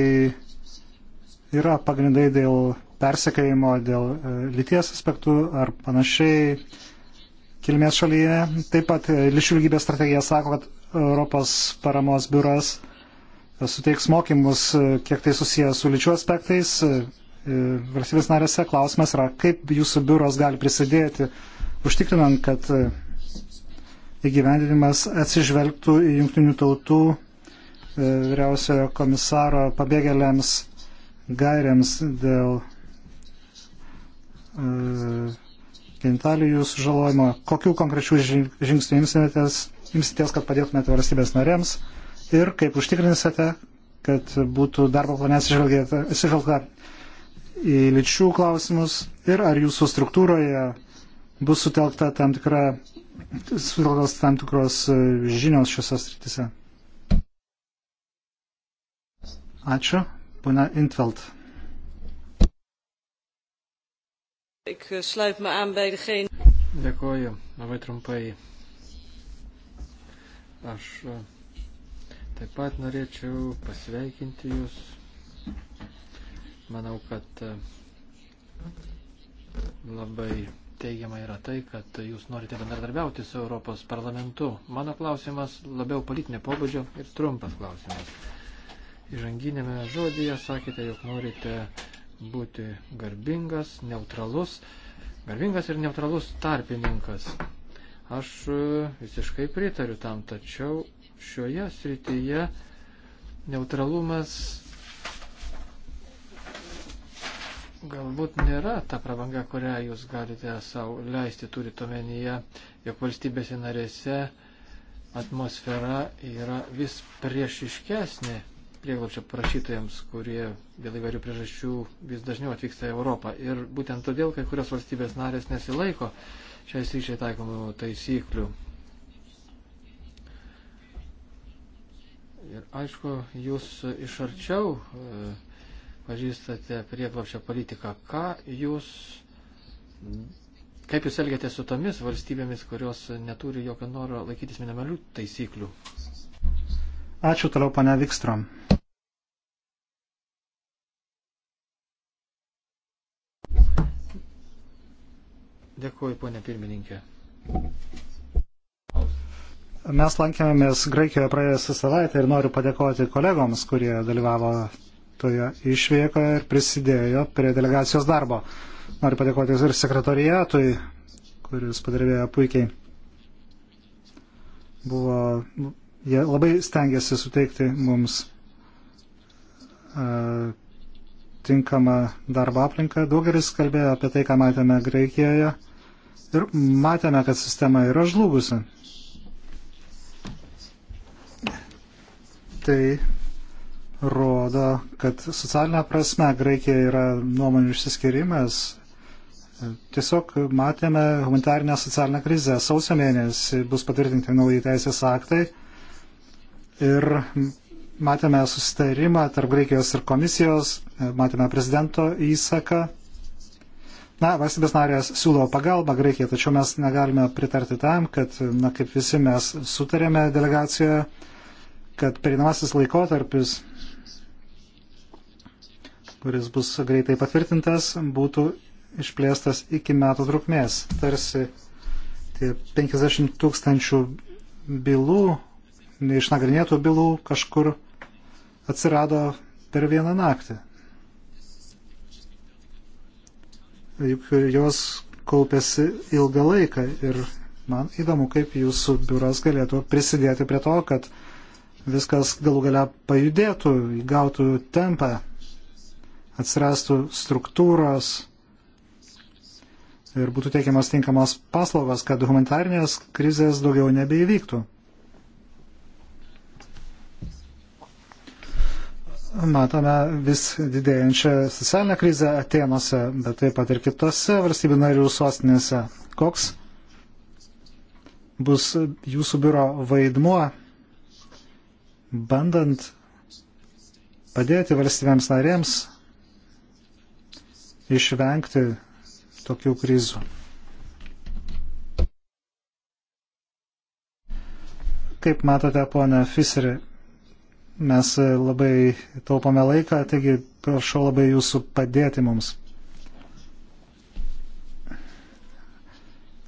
yra pagrindai dėl persekėjimo, dėl e, lyties aspektų ar panašiai kilmės šalyje. Taip pat lyčių lygybės strategija sako, kad Europos paramos biuras suteiks mokymus, kiek tai susijęs su lyčių aspektais, E, valstybės narėse klausimas yra, kaip jūsų biuros gali prisidėti, užtikrinant, kad e, įgyvendinimas atsižvelgtų į jungtinių tautų e, vyriausiojo komisaro pabėgėliams gairiams dėl genitalijų sužalojimo. Kokių konkrečių žingsnių imsitės, imsitės, kad padėtumėte valstybės narėms ir kaip užtikrinsite, kad būtų darbo plane atsižvelgta į lyčių klausimus ir ar jūsų struktūroje bus sutelkta tam tikra, sutelktos tam tikros e, žinios šiose sritise. Ačiū, pana Intveld. Eh, Dėkuoju, labai trumpai. Aš eh, taip pat norėčiau pasveikinti jūs Manau, kad e, labai teigiama yra tai, kad jūs norite bendradarbiauti su Europos parlamentu. Mano klausimas labiau politinė pobūdžio ir trumpas klausimas. Įžanginėme žodėje sakėte, jog norite būti garbingas, neutralus, garbingas ir neutralus tarpininkas. Aš e, visiškai pritariu tam, tačiau šioje srityje neutralumas galbūt nėra ta prabanga, kurią jūs galite savo leisti, turint omenyje, jog valstybėse narėse atmosfera yra vis priešiškesnė prieglapčio prašytojams, kurie dėl įvairių priežasčių vis dažniau atvyksta į Europą. Ir būtent todėl kai kurios valstybės narės nesilaiko šiais ryšiai taikomų taisyklių. Ir aišku, jūs iš arčiau. E, pažįstate prieglapšio politiką. Ką jūs, kaip jūs elgiate su tomis valstybėmis, kurios neturi jokio noro laikytis minimalių taisyklių? Ačiū toliau, pane Vikstrom. Dėkuoju, ponė pirmininkė. Mes lankėmės Graikijoje praėjusią savaitę ir noriu padėkoti kolegoms, kurie dalyvavo toje išvykoje ir prisidėjo prie delegacijos darbo. Noriu padėkoti ir sekretorijatui, kuris padirbėjo puikiai. Buvo, jie labai stengiasi suteikti mums uh, tinkamą darbo aplinką. Daugelis kalbėjo apie tai, ką matėme Graikijoje ir matėme, kad sistema yra žlugusi. Tai rodo, kad socialinė prasme Graikija yra nuomonių išsiskirimas. Tiesiog matėme humanitarinę socialinę krizę. Sausio mėnesį bus patvirtinti nauji teisės aktai ir matėme susitarimą tarp Graikijos ir komisijos, matėme prezidento įsaką. Na, valstybės narės siūlo pagalbą Graikijai, tačiau mes negalime pritarti tam, kad, na, kaip visi mes sutarėme delegacijoje, kad perinamasis laikotarpis kuris bus greitai patvirtintas, būtų išplėstas iki metų trukmės. Tarsi tie 50 tūkstančių bylų, neišnagrinėtų bylų kažkur atsirado per vieną naktį. Juk jos kaupėsi ilgą laiką ir man įdomu, kaip jūsų biuras galėtų prisidėti prie to, kad viskas galų gale pajudėtų, įgautų tempą atsirastų struktūros ir būtų teikiamas tinkamos paslaugos, kad humanitarnės krizės daugiau nebeįvyktų. Matome vis didėjančią socialinę krizę Atenose, bet taip pat ir kitose valstybių narių sostinėse. Koks bus jūsų biuro vaidmuo, bandant padėti valstybėms narėms išvengti tokių krizių. Kaip matote, ponia Fiseri, mes labai taupome laiką, taigi prašau labai jūsų padėti mums.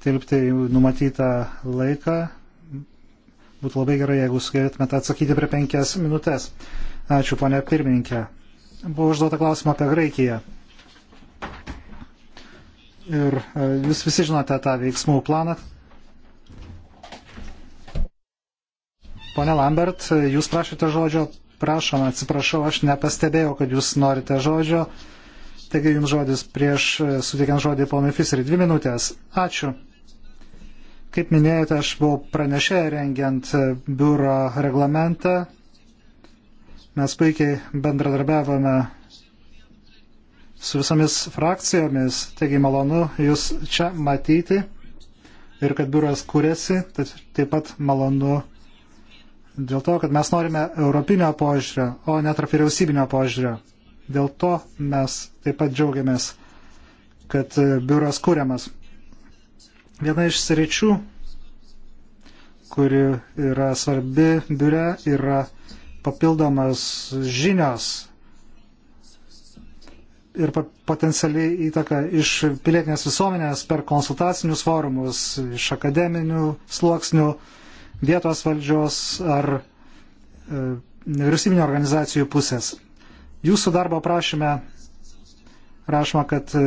Tilpti numatytą laiką. Būtų labai gerai, jeigu sugebėtumėte atsakyti prie penkias minutės. Ačiū, ponia pirmininkė. Buvo užduota klausimą apie Graikiją. Ir e, jūs visi žinote tą veiksmų planą. Pone Lambert, jūs prašote žodžio, prašom, atsiprašau, aš nepastebėjau, kad jūs norite žodžio. Taigi jums žodis prieš e, suteikiant žodį ponui Fiseriui. Dvi minutės. Ačiū. Kaip minėjote, aš buvau pranešė rengiant e, biuro reglamentą. Mes puikiai bendradarbiavome su visomis frakcijomis, taigi malonu Jūs čia matyti ir kad biuras kūrėsi, tad taip pat malonu dėl to, kad mes norime europinio požiūrio, o net ar vyriausybinio požiūrio. Dėl to mes taip pat džiaugiamės, kad biuras kūriamas. Viena iš sričių, kuri yra svarbi biure, yra papildomas žinios ir potencialiai įtaka iš pilietinės visuomenės per konsultacinius forumus, iš akademinių sluoksnių, vietos valdžios ar e, nevyriausybinio organizacijų pusės. Jūsų darbo prašyme rašoma, kad e,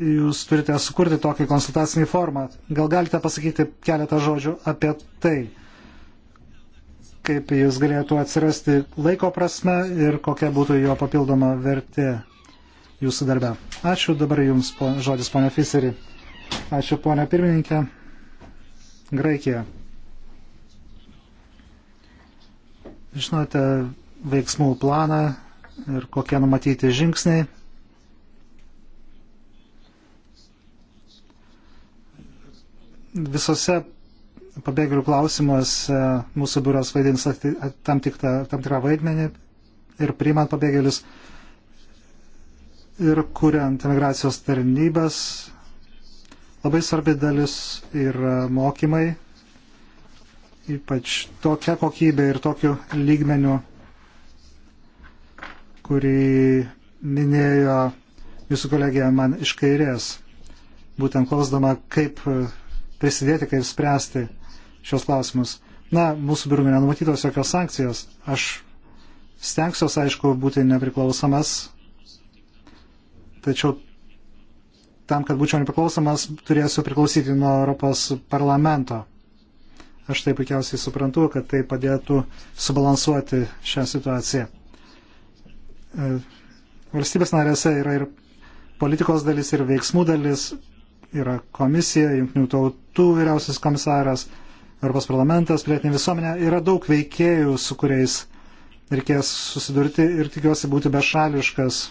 jūs turite sukurti tokį konsultacinį formą. Gal galite pasakyti keletą žodžių apie tai, kaip jis galėtų atsirasti laiko prasme ir kokia būtų jo papildoma vertė jūsų darbę. Ačiū dabar jums po, žodis, ponia Fiseri. Ačiū, ponia pirmininkė. Graikija. Žinote veiksmų planą ir kokie numatyti žingsniai. Visose pabėgėlių klausimas e, mūsų biuras vaidins tam, tiktą, tam tikrą vaidmenį ir priimant pabėgėlius ir kuriant migracijos tarnybas. Labai svarbi dalis yra mokymai, ypač tokia kokybė ir tokiu lygmeniu, kurį minėjo jūsų kolegija man iš kairės, būtent klausdama, kaip prisidėti, kaip spręsti šios klausimus. Na, mūsų biurume nenumatytos jokios sankcijos. Aš stengsiuosi, aišku, būti nepriklausomas Tačiau tam, kad būčiau nepriklausomas, turėsiu priklausyti nuo Europos parlamento. Aš tai puikiausiai suprantu, kad tai padėtų subalansuoti šią situaciją. E, valstybės narėse yra ir politikos dalis, ir veiksmų dalis, yra komisija, jungtinių tautų vyriausias komisaras, Europos parlamentas, pilietinė visuomenė. Yra daug veikėjų, su kuriais reikės susidurti ir tikiuosi būti bešališkas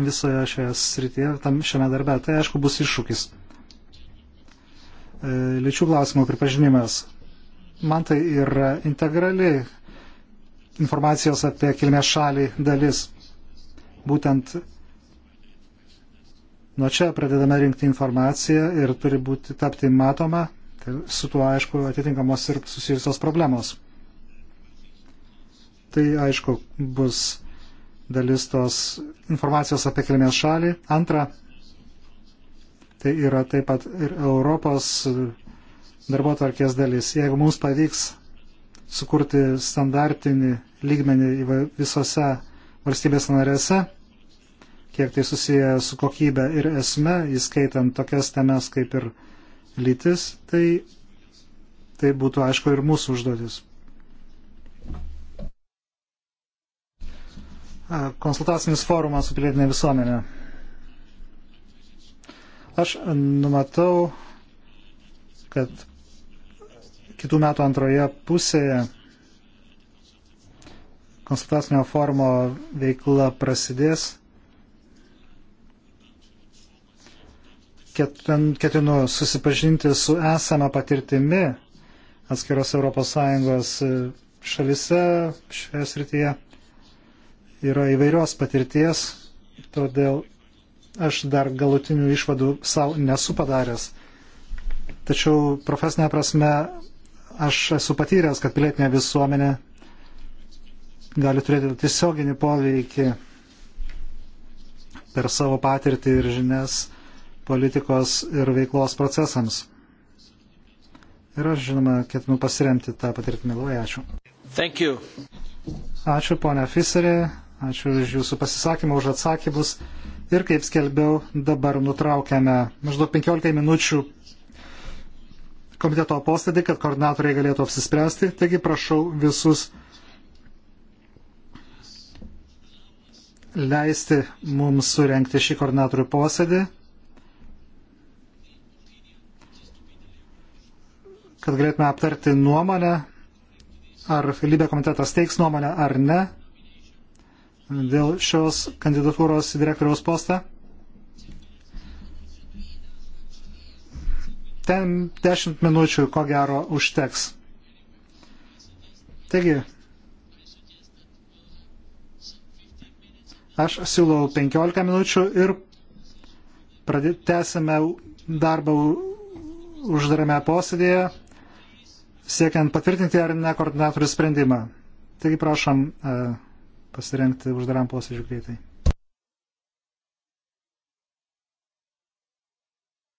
visoje šioje srityje, tam, šiame darbe. Tai aišku bus iššūkis. E, lyčių klausimų pripažinimas. Man tai yra integrali informacijos apie kilmės šalį dalis. Būtent nuo čia pradedame rinkti informaciją ir turi būti tapti matoma, tai su tuo aišku atitinkamos ir susijusios problemos. Tai aišku bus dalis tos informacijos apie kilmės šalį. Antra, tai yra taip pat ir Europos darbo tvarkės dalis. Jeigu mums pavyks sukurti standartinį lygmenį visose valstybės narėse, kiek tai susiję su kokybė ir esme, įskaitant tokias temas kaip ir lytis, tai, tai būtų aišku ir mūsų užduotis. konsultacinis forumas su pilietinė visuomenė. Aš numatau, kad kitų metų antroje pusėje konsultacinio forumo veikla prasidės. Ketinu susipažinti su esama patirtimi atskiros ES e, šalise šioje srityje yra įvairios patirties, todėl aš dar galutinių išvadų savo nesu padaręs. Tačiau profesinė prasme aš esu patyręs, kad pilietinė visuomenė gali turėti tiesioginį poveikį per savo patirtį ir žinias politikos ir veiklos procesams. Ir aš, žinoma, ketinu pasiremti tą patirtimį. Labai ačiū. Ačiū, ponia Fiserė. Ačiū už Jūsų pasisakymą, už atsakymus. Ir kaip skelbiau, dabar nutraukiame maždaug 15 minučių komiteto posėdį, kad koordinatoriai galėtų apsispręsti. Taigi prašau visus leisti mums surenkti šį koordinatorių posėdį, kad galėtume aptarti nuomonę, ar lybė komitetas teiks nuomonę ar ne dėl šios kandidatūros direktoriaus postą. Ten 10 minučių, ko gero, užteks. Taigi, aš siūlau 15 minučių ir tęsime darbą uždarame posėdėje, siekiant patvirtinti ar ne koordinatorių sprendimą. Taigi prašom. Uh, pasirengti uždaram posėdžiu greitai.